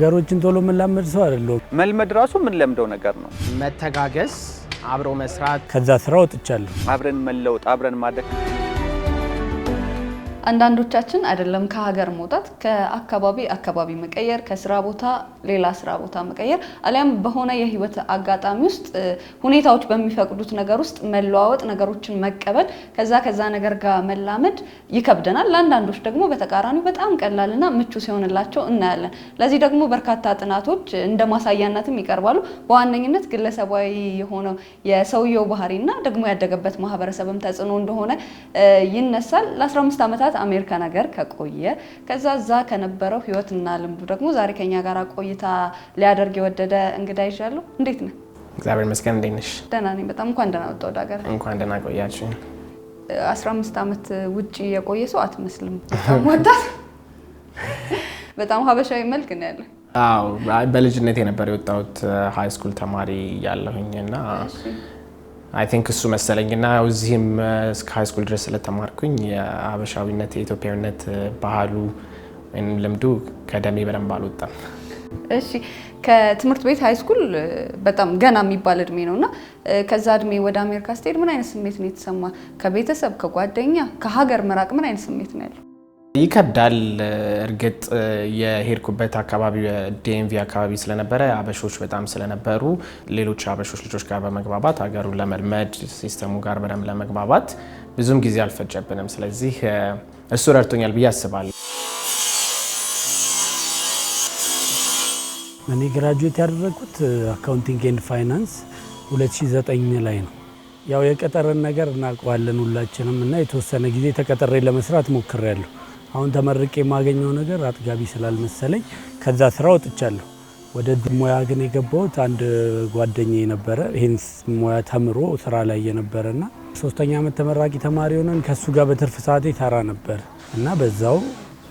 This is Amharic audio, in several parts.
ነገሮችን ቶሎ የምላመድ ሰው አይደለሁም። መልመድ ራሱ የምንለምደው ነገር ነው። መተጋገስ፣ አብሮ መስራት። ከዛ ስራ ወጥቻለሁ። አብረን መለወጥ፣ አብረን ማደግ አንዳንዶቻችን አይደለም ከሀገር መውጣት፣ ከአካባቢ አካባቢ መቀየር፣ ከስራ ቦታ ሌላ ስራ ቦታ መቀየር፣ አሊያም በሆነ የህይወት አጋጣሚ ውስጥ ሁኔታዎች በሚፈቅዱት ነገር ውስጥ መለዋወጥ፣ ነገሮችን መቀበል፣ ከዛ ከዛ ነገር ጋር መላመድ ይከብደናል። ለአንዳንዶች ደግሞ በተቃራኒው በጣም ቀላልና ምቹ ሲሆንላቸው እናያለን። ለዚህ ደግሞ በርካታ ጥናቶች እንደ ማሳያነትም ይቀርባሉ። በዋነኝነት ግለሰባዊ የሆነው የሰውየው ባህሪና ደግሞ ያደገበት ማህበረሰብም ተጽዕኖ እንደሆነ ይነሳል። ለ15 ዓመታት ዓመታት አሜሪካ ነገር ከቆየ ከዛ እዛ ከነበረው ህይወትና ልምዱ ደግሞ ዛሬ ከኛ ጋር ቆይታ ሊያደርግ የወደደ እንግዳ ይዣለሁ። እንዴት ነህ? እግዚአብሔር ይመስገን። እንዴት ነሽ? ደህና ነኝ በጣም። እንኳን ደህና ወጣ ወደ ሀገር። እንኳን ደህና ቆያችሁ። 15 ዓመት ውጭ የቆየ ሰው አትመስልም። በጣም ወጣት፣ በጣም ሀበሻዊ መልክ ነው ያለ አዎ በልጅነት የነበር የወጣሁት ሀይ ስኩል ተማሪ ያለሁኝ እና አይ ቲንክ እሱ መሰለኝና እዚህም እስከ ሃይስኩል ድረስ ስለተማርኩኝ የአበሻዊነት የኢትዮጵያዊነት ባህሉ ወይም ልምዱ ከደሜ በደንብ አልወጣም። እሺ ከትምህርት ቤት ሃይስኩል በጣም ገና የሚባል እድሜ ነው እና ከዛ እድሜ ወደ አሜሪካ ስትሄድ ምን አይነት ስሜት ነው የተሰማ? ከቤተሰብ ከጓደኛ ከሀገር መራቅ ምን አይነት ስሜት ነው ያለው? ይከብዳል። እርግጥ የሄድኩበት አካባቢ ዲኤምቪ አካባቢ ስለነበረ አበሾች በጣም ስለነበሩ ሌሎች አበሾች ልጆች ጋር በመግባባት ሀገሩን ለመልመድ ሲስተሙ ጋር በደንብ ለመግባባት ብዙም ጊዜ አልፈጀብንም። ስለዚህ እሱ ረድቶኛል ብዬ አስባለሁ። እኔ ግራጁዌት ያደረግኩት አካውንቲንግ ኤንድ ፋይናንስ 2009 ላይ ነው። ያው የቀጠረን ነገር እናውቀዋለን ሁላችንም እና የተወሰነ ጊዜ ተቀጥሬ ለመስራት ሞክሬያለሁ አሁን ተመርቄ የማገኘው ነገር አጥጋቢ ስላልመሰለኝ ከዛ ስራ ወጥቻለሁ። ወደ ሙያ ግን የገባሁት አንድ ጓደኛ የነበረ ይህን ሙያ ተምሮ ስራ ላይ የነበረ ና ሶስተኛ ዓመት ተመራቂ ተማሪ ሆነን ከእሱ ጋር በትርፍ ሰዓቴ ተራ ነበር እና በዛው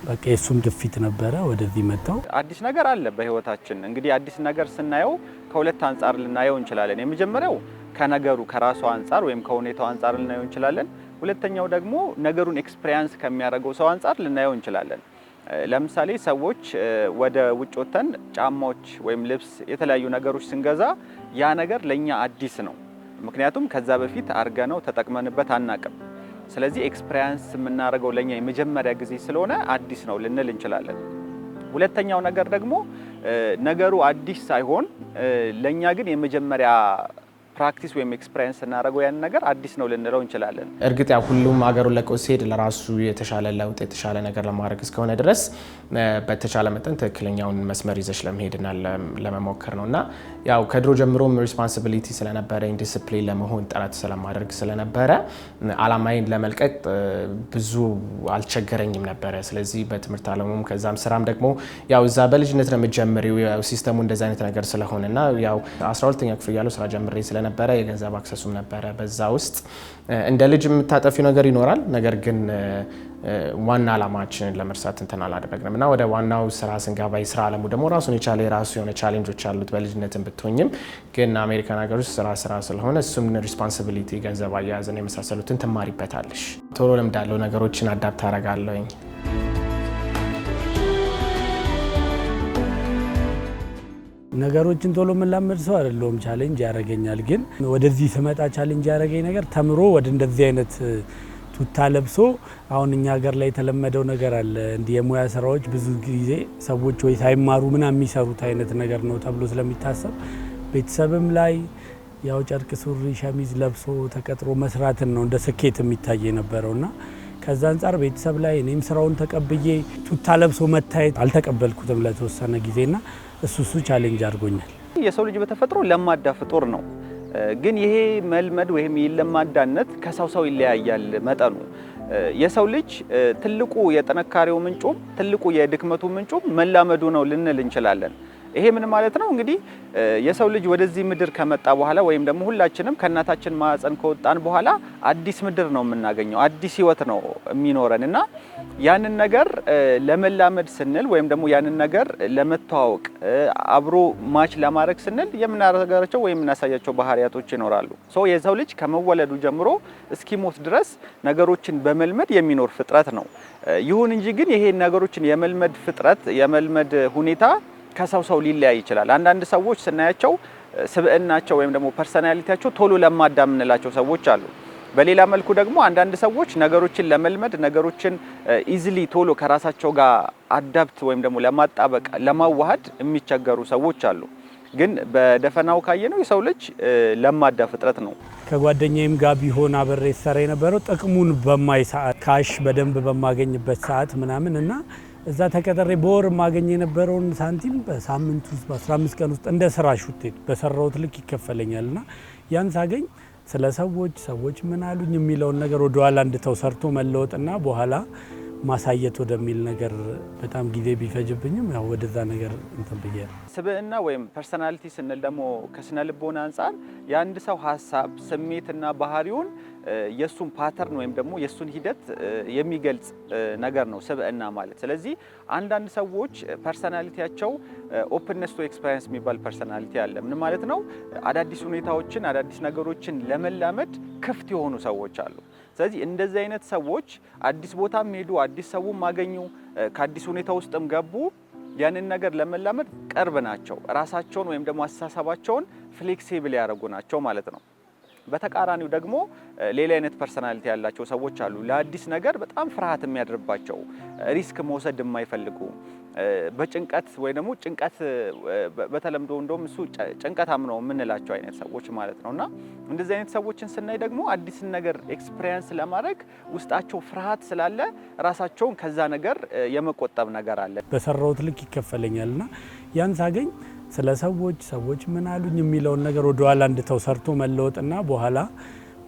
በቃ የእሱም ግፊት ነበረ ወደዚህ መጥተው። አዲስ ነገር አለ በህይወታችን። እንግዲህ አዲስ ነገር ስናየው ከሁለት አንጻር ልናየው እንችላለን። የመጀመሪያው ከነገሩ ከራሱ አንጻር ወይም ከሁኔታው አንጻር ልናየው እንችላለን። ሁለተኛው ደግሞ ነገሩን ኤክስፔሪያንስ ከሚያደርገው ሰው አንጻር ልናየው እንችላለን። ለምሳሌ ሰዎች ወደ ውጭ ወጥተን ጫማዎች ወይም ልብስ፣ የተለያዩ ነገሮች ስንገዛ ያ ነገር ለእኛ አዲስ ነው። ምክንያቱም ከዛ በፊት አድርገነው ተጠቅመንበት አናቅም። ስለዚህ ኤክስፔሪያንስ የምናደርገው ለእኛ የመጀመሪያ ጊዜ ስለሆነ አዲስ ነው ልንል እንችላለን። ሁለተኛው ነገር ደግሞ ነገሩ አዲስ ሳይሆን ለእኛ ግን የመጀመሪያ ፕራክቲስ ወይም ኤክስፐሪንስ ስናደርገው ያን ነገር አዲስ ነው ልንለው እንችላለን። እርግጥ ያው ሁሉም ሀገሩን ለቆ ሲሄድ ለራሱ የተሻለ ለውጥ የተሻለ ነገር ለማድረግ እስከሆነ ድረስ በተቻለ መጠን ትክክለኛውን መስመር ይዘሽ ለመሄድና ለመሞከር ነው እና ያው ከድሮ ጀምሮም ሪስፖንሲቢሊቲ ስለነበረ ዲስፕሊን ለመሆን ጥረት ስለማደርግ ስለነበረ አላማይን ለመልቀቅ ብዙ አልቸገረኝም ነበረ። ስለዚህ በትምህርት አለሙም ከዛም ስራም ደግሞ ያው እዛ በልጅነት ነው የምጀምሪው ሲስተሙ እንደዚ አይነት ነገር ስለሆነ እና ያው 12ኛ ክፍል ያለው ስራ ጀምሬ ስለነበረ ነበረ፣ የገንዘብ አክሰሱም ነበረ። በዛ ውስጥ እንደ ልጅ የምታጠፊው ነገር ይኖራል። ነገር ግን ዋና አላማችንን ለመርሳት እንትን አላደረግንም እና ወደ ዋናው ስራ ስንገባ የስራ አለሙ ደግሞ ራሱን የቻለ የራሱ የሆነ ቻሌንጆች አሉት። በልጅነትን ብትሆኝም ግን አሜሪካን ሀገር ውስጥ ስራ ስራ ስለሆነ እሱም ሪስፖንሲቢሊቲ ገንዘብ አያያዝን የመሳሰሉትን ትማሪበታለሽ። ቶሎ ልምዳለው፣ ነገሮችን አዳፕት አረጋለኝ ነገሮችን ቶሎ የምላመድ ሰው አይደለሁም። ቻሌንጅ ያደርገኛል። ግን ወደዚህ ስመጣ ቻሌንጅ ያደረገኝ ነገር ተምሮ ወደ እንደዚህ አይነት ቱታ ለብሶ አሁን እኛ ሀገር ላይ የተለመደው ነገር አለ። እንዲህ የሙያ ስራዎች ብዙ ጊዜ ሰዎች ወይ ሳይማሩ ምና የሚሰሩት አይነት ነገር ነው ተብሎ ስለሚታሰብ ቤተሰብም ላይ ያው ጨርቅ ሱሪ ሸሚዝ ለብሶ ተቀጥሮ መስራትን ነው እንደ ስኬት የሚታይ የነበረውና ከዛ አንጻር ቤተሰብ ላይ እኔም ስራውን ተቀብዬ ቱታ ለብሶ መታየት አልተቀበልኩትም ለተወሰነ ጊዜና እሱ እሱ ቻሌንጅ አድርጎኛል። የሰው ልጅ በተፈጥሮ ለማዳ ፍጡር ነው። ግን ይሄ መልመድ ወይም ለማዳነት ከሰው ሰው ይለያያል መጠኑ። የሰው ልጅ ትልቁ የጥንካሬው ምንጩም ትልቁ የድክመቱ ምንጩም መላመዱ ነው ልንል እንችላለን። ይሄ ምን ማለት ነው? እንግዲህ የሰው ልጅ ወደዚህ ምድር ከመጣ በኋላ ወይም ደግሞ ሁላችንም ከእናታችን ማዕፀን ከወጣን በኋላ አዲስ ምድር ነው የምናገኘው፣ አዲስ ህይወት ነው የሚኖረን እና ያንን ነገር ለመላመድ ስንል ወይም ደግሞ ያንን ነገር ለመተዋወቅ አብሮ ማች ለማድረግ ስንል የምናረጋቸው ወይም የምናሳያቸው ባህሪያቶች ይኖራሉ። ሶ የሰው ልጅ ከመወለዱ ጀምሮ እስኪሞት ድረስ ነገሮችን በመልመድ የሚኖር ፍጥረት ነው። ይሁን እንጂ ግን ይሄ ነገሮችን የመልመድ ፍጥረት የመልመድ ሁኔታ ከሰው ሰው ሊለያይ ይችላል። አንዳንድ ሰዎች ስናያቸው ስብዕናቸው ወይም ደግሞ ፐርሰናሊቲያቸው ቶሎ ለማዳ የምንላቸው ሰዎች አሉ። በሌላ መልኩ ደግሞ አንዳንድ ሰዎች ነገሮችን ለመልመድ ነገሮችን ኢዝሊ ቶሎ ከራሳቸው ጋር አዳብት ወይም ደግሞ ለማጣበቅ ለማዋሃድ የሚቸገሩ ሰዎች አሉ። ግን በደፈናው ካየነው የሰው ልጅ ለማዳ ፍጥረት ነው። ከጓደኛዬም ጋር ቢሆን አብሬ ሰራ የነበረው ጥቅሙን በማይ ሰዓት ካሽ በደንብ በማገኝበት ሰዓት ምናምን እና እዛ ተቀጠሪ በወር ማገኝ የነበረውን ሳንቲም በሳምንት ውስጥ በ15 ቀን ውስጥ እንደ ስራሽ ውጤት በሰራሁት ልክ ይከፈለኛል እና ያን ሳገኝ ስለ ሰዎች ሰዎች ምን አሉኝ የሚለውን ነገር ወደኋላ እንድተው ሰርቶ መለወጥና በኋላ ማሳየት ወደሚል ነገር በጣም ጊዜ ቢፈጅብኝም ያው ወደዛ ነገር እንትን ስብዕና ወይም ፐርሰናሊቲ ስንል ደግሞ ከስነ ልቦና አንጻር የአንድ ሰው ሀሳብ ስሜትና ባህሪውን የእሱን ፓተርን ወይም ደግሞ የእሱን ሂደት የሚገልጽ ነገር ነው ስብዕና ማለት። ስለዚህ አንዳንድ ሰዎች ፐርሰናሊቲያቸው ኦፕንነስ ቱ ኤክስፐሪንስ የሚባል ፐርሰናሊቲ አለ። ምን ማለት ነው? አዳዲስ ሁኔታዎችን አዳዲስ ነገሮችን ለመላመድ ክፍት የሆኑ ሰዎች አሉ። ስለዚህ እንደዚህ አይነት ሰዎች አዲስ ቦታም ሄዱ፣ አዲስ ሰውም አገኙ፣ ከአዲስ ሁኔታ ውስጥም ገቡ ያንን ነገር ለመላመድ ቅርብ ናቸው። ራሳቸውን ወይም ደግሞ አስተሳሰባቸውን ፍሌክሲብል ያደረጉ ናቸው ማለት ነው። በተቃራኒው ደግሞ ሌላ አይነት ፐርሰናሊቲ ያላቸው ሰዎች አሉ። ለአዲስ ነገር በጣም ፍርሃት የሚያድርባቸው፣ ሪስክ መውሰድ የማይፈልጉ በጭንቀት ወይ ደግሞ ጭንቀት በተለምዶ እንደውም እሱ ጭንቀታም ነው የምንላቸው አይነት ሰዎች ማለት ነው። እና እንደዚህ አይነት ሰዎችን ስናይ ደግሞ አዲስን ነገር ኤክስፒሪየንስ ለማድረግ ውስጣቸው ፍርሃት ስላለ ራሳቸውን ከዛ ነገር የመቆጠብ ነገር አለ። በሰራሁት ልክ ይከፈለኛልና ያን ሳገኝ ስለ ሰዎች ሰዎች ምን አሉኝ የሚለውን ነገር ወደኋላ እንድተው ሰርቶ መለወጥና በኋላ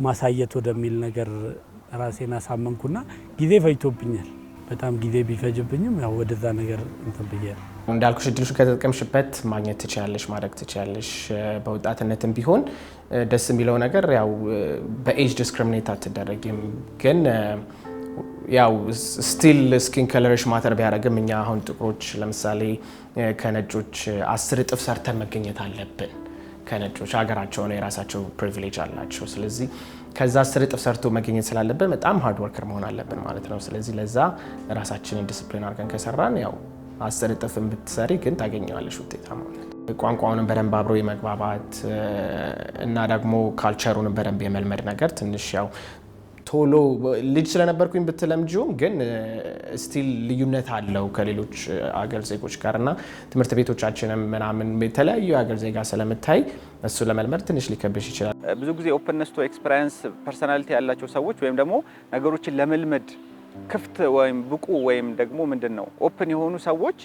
ማሳየት ወደሚል ነገር ራሴን አሳመንኩና ጊዜ ፈጅቶብኛል። በጣም ጊዜ ቢፈጅብኝም ያው ወደዛ ነገር እንትን ብያለሁ። እንዳልኩሽ እድሎች ከተጠቀምሽበት ማግኘት ትችላለሽ፣ ማድረግ ትችላለሽ። በወጣትነትም ቢሆን ደስ የሚለው ነገር ያው በኤጅ ዲስክሪሚኔት አትደረግም ግን ያው ስቲል ስኪን ከለሮች ማተር ቢያደርግም እኛ አሁን ጥቁሮች ለምሳሌ ከነጮች አስር እጥፍ ሰርተን መገኘት አለብን። ከነጮች ሀገራቸው ነው፣ የራሳቸው ፕሪቪሌጅ አላቸው። ስለዚህ ከዛ አስር እጥፍ ሰርቶ መገኘት ስላለብን በጣም ሃርድ ወርከር መሆን አለብን ማለት ነው። ስለዚህ ለዛ ራሳችንን ዲስፕሊን አድርገን ከሰራን ያው አስር እጥፍ ብትሰሪ ግን ታገኘዋለሽ ውጤታማ። ቋንቋውንም በደንብ አብሮ የመግባባት እና ደግሞ ካልቸሩንም በደንብ የመልመድ ነገር ትንሽ ያው ቶሎ ልጅ ስለነበርኩኝ ብትለምጂውም ግን ስቲል ልዩነት አለው ከሌሎች አገር ዜጎች ጋር እና ትምህርት ቤቶቻችንም ምናምን የተለያዩ የአገር ዜጋ ስለምታይ እሱ ለመልመድ ትንሽ ሊከብሽ ይችላል። ብዙ ጊዜ ኦፕንነስ ቱ ኤክስፐሪንስ ፐርሰናሊቲ ያላቸው ሰዎች ወይም ደግሞ ነገሮችን ለመልመድ ክፍት ወይም ብቁ ወይም ደግሞ ምንድን ነው ኦፕን የሆኑ ሰዎች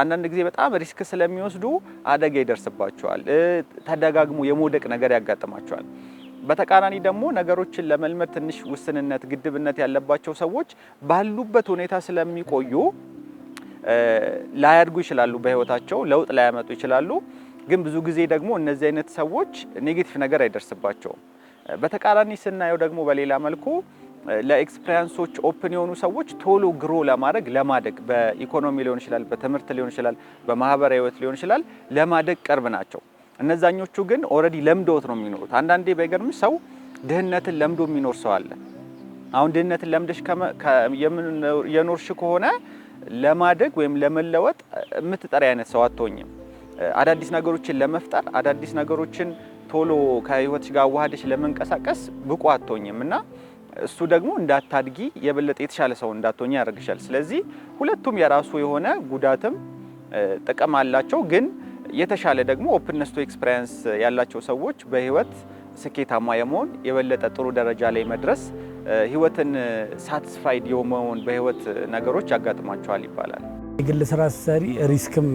አንዳንድ ጊዜ በጣም ሪስክ ስለሚወስዱ አደጋ ይደርስባቸዋል። ተደጋግሞ የመውደቅ ነገር ያጋጥማቸዋል። በተቃራኒ ደግሞ ነገሮችን ለመልመድ ትንሽ ውስንነት፣ ግድብነት ያለባቸው ሰዎች ባሉበት ሁኔታ ስለሚቆዩ ላያድጉ ይችላሉ፣ በህይወታቸው ለውጥ ላያመጡ ይችላሉ። ግን ብዙ ጊዜ ደግሞ እነዚህ አይነት ሰዎች ኔጌቲቭ ነገር አይደርስባቸውም። በተቃራኒ ስናየው ደግሞ በሌላ መልኩ ለኤክስፒሪያንሶች ኦፕን የሆኑ ሰዎች ቶሎ ግሮ ለማድረግ ለማደግ በኢኮኖሚ ሊሆን ይችላል፣ በትምህርት ሊሆን ይችላል፣ በማህበራዊ ህይወት ሊሆን ይችላል፣ ለማደግ ቅርብ ናቸው። እነዛኞቹ ግን ኦልሬዲ ለምዶት ነው የሚኖሩት። አንዳንዴ ባይገርምሽ ሰው ድህነትን ለምዶ የሚኖር ሰው አለ። አሁን ድህነትን ለምደሽ የኖርሽ ከሆነ ለማደግ ወይም ለመለወጥ የምትጠሪ አይነት ሰው አትሆኝም። አዳዲስ ነገሮችን ለመፍጠር አዳዲስ ነገሮችን ቶሎ ከህይወትሽ ጋር አዋህደሽ ለመንቀሳቀስ ብቁ አትሆኝም እና እሱ ደግሞ እንዳታድጊ የበለጠ የተሻለ ሰው እንዳትሆኝ ያደርግሻል። ስለዚህ ሁለቱም የራሱ የሆነ ጉዳትም ጥቅም አላቸው ግን የተሻለ ደግሞ ኦፕንነስ ቱ ኤክስፒሪየንስ ያላቸው ሰዎች በህይወት ስኬታማ የመሆን የበለጠ ጥሩ ደረጃ ላይ መድረስ ህይወትን ሳትስፋይድ የመሆን በህይወት ነገሮች ያጋጥማቸዋል ይባላል። የግል ስራ ሰሪ ሪስክም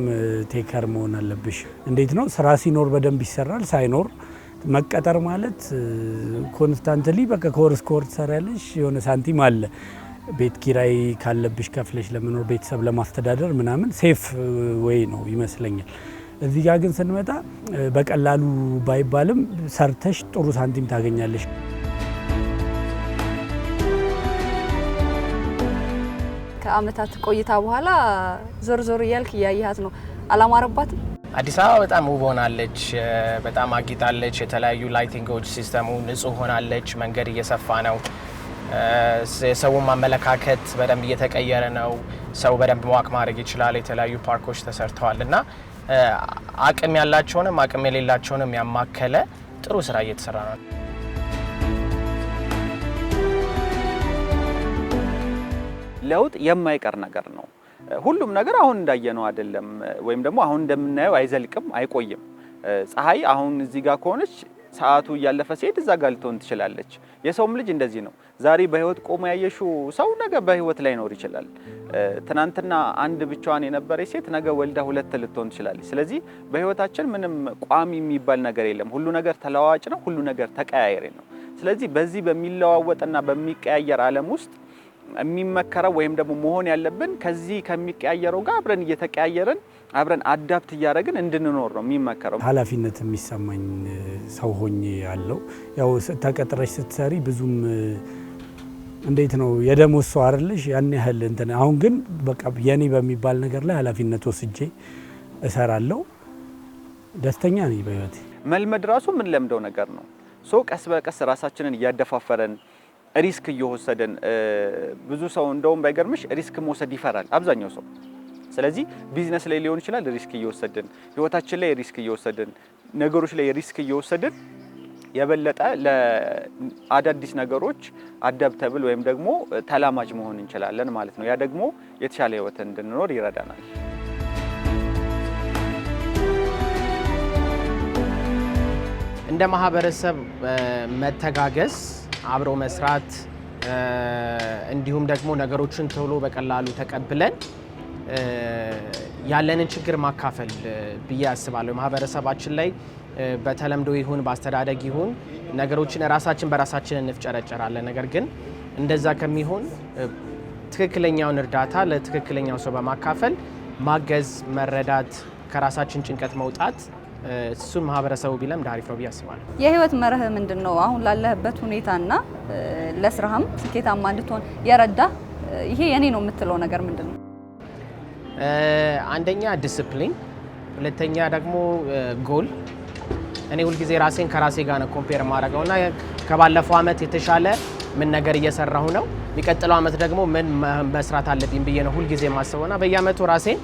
ቴከር መሆን አለብሽ። እንዴት ነው ስራ ሲኖር በደንብ ይሰራል፣ ሳይኖር መቀጠር ማለት ኮንስታንትሊ በቃ ከወር እስከ ወር ትሰሪያለሽ። የሆነ ሳንቲም አለ ቤት ኪራይ ካለብሽ ከፍለሽ ለመኖር ቤተሰብ ለማስተዳደር ምናምን ሴፍ ወይ ነው ይመስለኛል። እዚህ ጋር ግን ስንመጣ በቀላሉ ባይባልም ሰርተሽ ጥሩ ሳንቲም ታገኛለሽ። ከአመታት ቆይታ በኋላ ዞር ዞር እያልክ እያየሃት ነው። አላማረባትም? አዲስ አበባ በጣም ውብ ሆናለች፣ በጣም አጊጣለች። የተለያዩ ላይቲንጎች፣ ሲስተሙ ንጹህ ሆናለች። መንገድ እየሰፋ ነው። የሰውን አመለካከት በደንብ እየተቀየረ ነው። ሰው በደንብ ዋክ ማድረግ ይችላል። የተለያዩ ፓርኮች ተሰርተዋል እና አቅም ያላቸውንም አቅም የሌላቸውንም ያማከለ ጥሩ ስራ እየተሰራ ነው። ለውጥ የማይቀር ነገር ነው። ሁሉም ነገር አሁን እንዳየነው አይደለም፣ ወይም ደግሞ አሁን እንደምናየው አይዘልቅም፣ አይቆይም። ፀሐይ አሁን እዚህ ጋር ከሆነች ሰዓቱ እያለፈ ሲሄድ እዛ ጋር ልትሆን ትችላለች። የሰውም ልጅ እንደዚህ ነው። ዛሬ በህይወት ቆሞ ያየሽው ሰው ነገ በህይወት ላይኖር ይችላል። ትናንትና አንድ ብቻዋን የነበረች ሴት ነገ ወልዳ ሁለት ልትሆን ትችላለች። ስለዚህ በህይወታችን ምንም ቋሚ የሚባል ነገር የለም። ሁሉ ነገር ተለዋዋጭ ነው። ሁሉ ነገር ተቀያየሬ ነው። ስለዚህ በዚህ በሚለዋወጥና በሚቀያየር ዓለም ውስጥ የሚመከረው ወይም ደግሞ መሆን ያለብን ከዚህ ከሚቀያየረው ጋር አብረን እየተቀያየርን አብረን አዳፕት እያደረግን እንድንኖር ነው የሚመከረው። ኃላፊነት የሚሰማኝ ሰው ሆኜ ያለው ያው ተቀጥረሽ ስትሰሪ ብዙም እንዴት ነው የደሞዝ ሰው አይደለሽ ያን ያህል እንትን። አሁን ግን በቃ የኔ በሚባል ነገር ላይ ኃላፊነት ወስጄ እሰራለሁ። ደስተኛ ነኝ በህይወት። መልመድ ራሱ ምን ለምደው ነገር ነው። ሰው ቀስ በቀስ ራሳችንን እያደፋፈረን ሪስክ እየወሰደን ብዙ ሰው እንደውም ባይገርምሽ ሪስክ መውሰድ ይፈራል አብዛኛው ሰው ስለዚህ ቢዝነስ ላይ ሊሆን ይችላል ሪስክ እየወሰድን ህይወታችን ላይ ሪስክ እየወሰድን ነገሮች ላይ ሪስክ እየወሰድን የበለጠ ለአዳዲስ ነገሮች አዳፕተብል ወይም ደግሞ ተላማጅ መሆን እንችላለን ማለት ነው። ያ ደግሞ የተሻለ ህይወት እንድንኖር ይረዳናል። እንደ ማህበረሰብ መተጋገዝ፣ አብሮ መስራት እንዲሁም ደግሞ ነገሮችን ቶሎ በቀላሉ ተቀብለን ያለንን ችግር ማካፈል ብዬ አስባለሁ። ማህበረሰባችን ላይ በተለምዶ ይሁን በአስተዳደግ ይሁን ነገሮችን ራሳችን በራሳችን እንፍጨረጨራለን። ነገር ግን እንደዛ ከሚሆን ትክክለኛውን እርዳታ ለትክክለኛው ሰው በማካፈል ማገዝ፣ መረዳት፣ ከራሳችን ጭንቀት መውጣት እሱን ማህበረሰቡ ቢለም ዳሪፍ ነው ብዬ አስባለሁ። የህይወት መርህ ምንድን ነው? አሁን ላለህበት ሁኔታና ለስራህም ስኬታማ እንድትሆን የረዳ ይሄ የኔ ነው የምትለው ነገር ምንድን ነው? አንደኛ ዲስፕሊን፣ ሁለተኛ ደግሞ ጎል። እኔ ሁልጊዜ ራሴን ከራሴ ጋር ነው ኮምፔር የማደርገው እና ከባለፈው አመት የተሻለ ምን ነገር እየሰራሁ ነው፣ የሚቀጥለው አመት ደግሞ ምን መስራት አለብኝ ብዬ ነው ሁልጊዜ የማስበው እና በየአመቱ ራሴን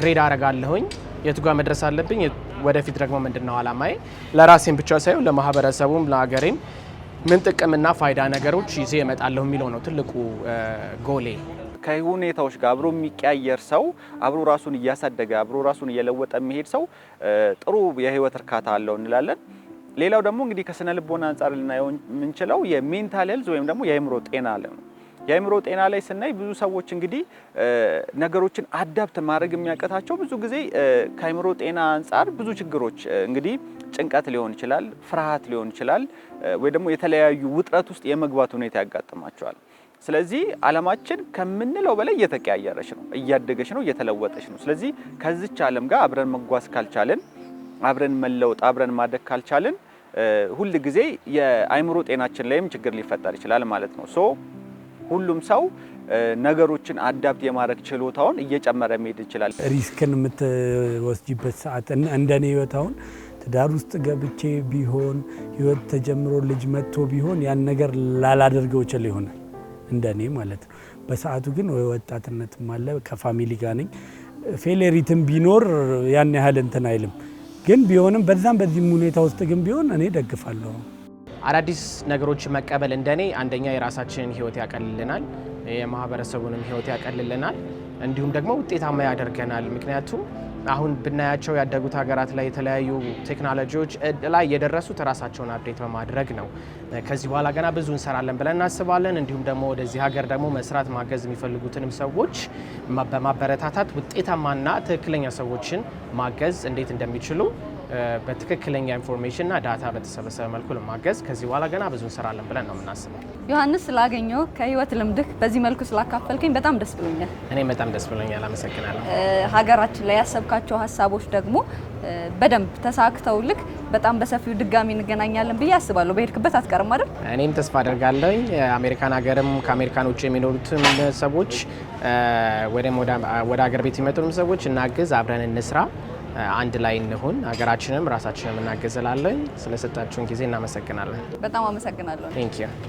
ግሬድ አረጋለሁኝ የቱ ጋር መድረስ አለብኝ፣ ወደፊት ደግሞ ምንድን ነው አላማዬ። ለራሴን ብቻ ሳይሆን ለማህበረሰቡም ለሀገሬም ምን ጥቅምና ፋይዳ ነገሮች ይዜ እመጣለሁ የሚለው ነው ትልቁ ጎሌ። ከሁኔታዎች ጋር አብሮ የሚቀያየር ሰው አብሮ ራሱን እያሳደገ አብሮ ራሱን እየለወጠ የሚሄድ ሰው ጥሩ የህይወት እርካታ አለው እንላለን። ሌላው ደግሞ እንግዲህ ከስነ ልቦና አንጻር ልናየው የምንችለው የሜንታል ሄልዝ ወይም ደግሞ የአእምሮ ጤና አለ ነው። የአእምሮ ጤና ላይ ስናይ ብዙ ሰዎች እንግዲህ ነገሮችን አዳብት ማድረግ የሚያቀታቸው ብዙ ጊዜ ከአእምሮ ጤና አንጻር ብዙ ችግሮች እንግዲህ ጭንቀት ሊሆን ይችላል፣ ፍርሃት ሊሆን ይችላል፣ ወይ ደግሞ የተለያዩ ውጥረት ውስጥ የመግባት ሁኔታ ያጋጥማቸዋል። ስለዚህ ዓለማችን ከምንለው በላይ እየተቀያየረች ነው፣ እያደገች ነው፣ እየተለወጠች ነው። ስለዚህ ከዚች ዓለም ጋር አብረን መጓዝ ካልቻልን፣ አብረን መለወጥ፣ አብረን ማደግ ካልቻልን ሁል ጊዜ የአይምሮ ጤናችን ላይም ችግር ሊፈጠር ይችላል ማለት ነው። ሶ ሁሉም ሰው ነገሮችን አዳብት የማድረግ ችሎታውን እየጨመረ መሄድ ይችላል። ሪስክን የምትወስጅበት ሰዓት እንደኔ ህይወት አሁን ትዳር ውስጥ ገብቼ ቢሆን ህይወት ተጀምሮ ልጅ መጥቶ ቢሆን ያን ነገር ላላደርገው ይችል ይሆናል እንደ እኔ ማለት ነው። በሰዓቱ ግን ወጣትነትም አለ ከፋሚሊ ጋር ነኝ። ፌሌሪትም ቢኖር ያን ያህል እንትን አይልም፣ ግን ቢሆንም በዛም በዚህም ሁኔታ ውስጥ ግን ቢሆን እኔ ደግፋለሁ። አዳዲስ ነገሮች መቀበል እንደኔ አንደኛ የራሳችንን ህይወት ያቀልልናል፣ የማህበረሰቡንም ህይወት ያቀልልናል፣ እንዲሁም ደግሞ ውጤታማ ያደርገናል። ምክንያቱም አሁን ብናያቸው ያደጉት ሀገራት ላይ የተለያዩ ቴክኖሎጂዎች ላይ የደረሱት ራሳቸውን አፕዴት በማድረግ ነው። ከዚህ በኋላ ገና ብዙ እንሰራለን ብለን እናስባለን። እንዲሁም ደግሞ ወደዚህ ሀገር ደግሞ መስራት ማገዝ የሚፈልጉትንም ሰዎች በማበረታታት ውጤታማና ትክክለኛ ሰዎችን ማገዝ እንዴት እንደሚችሉ በትክክለኛ ኢንፎርሜሽንና ዳታ በተሰበሰበ መልኩ ለማገዝ ከዚህ በኋላ ገና ብዙ እንሰራለን ብለን ነው የምናስበው። ዮሐንስ ስላገኘው ከህይወት ልምድህ በዚህ መልኩ ስላካፈልከኝ በጣም ደስ ብሎኛል። እኔ በጣም ደስ ብሎኛል፣ አመሰግናለሁ። ሀገራችን ላይ ያሰብካቸው ሀሳቦች ደግሞ በደንብ ተሳክተው ልክ በጣም በሰፊው ድጋሚ እንገናኛለን ብዬ አስባለሁ። በሄድክበት አትቀርም አይደል? እኔም ተስፋ አደርጋለኝ። አሜሪካን ሀገርም ከአሜሪካን ውጭ የሚኖሩትም ሰዎች ወደ ሀገር ቤት የሚመጡም ሰዎች እናግዝ፣ አብረን እንስራ። አንድ ላይ እንሁን፣ ሀገራችንም ራሳችንም እናገዝላለን። ስለሰጣችሁን ጊዜ እናመሰግናለን። በጣም አመሰግናለሁ። ቴንክ ዩ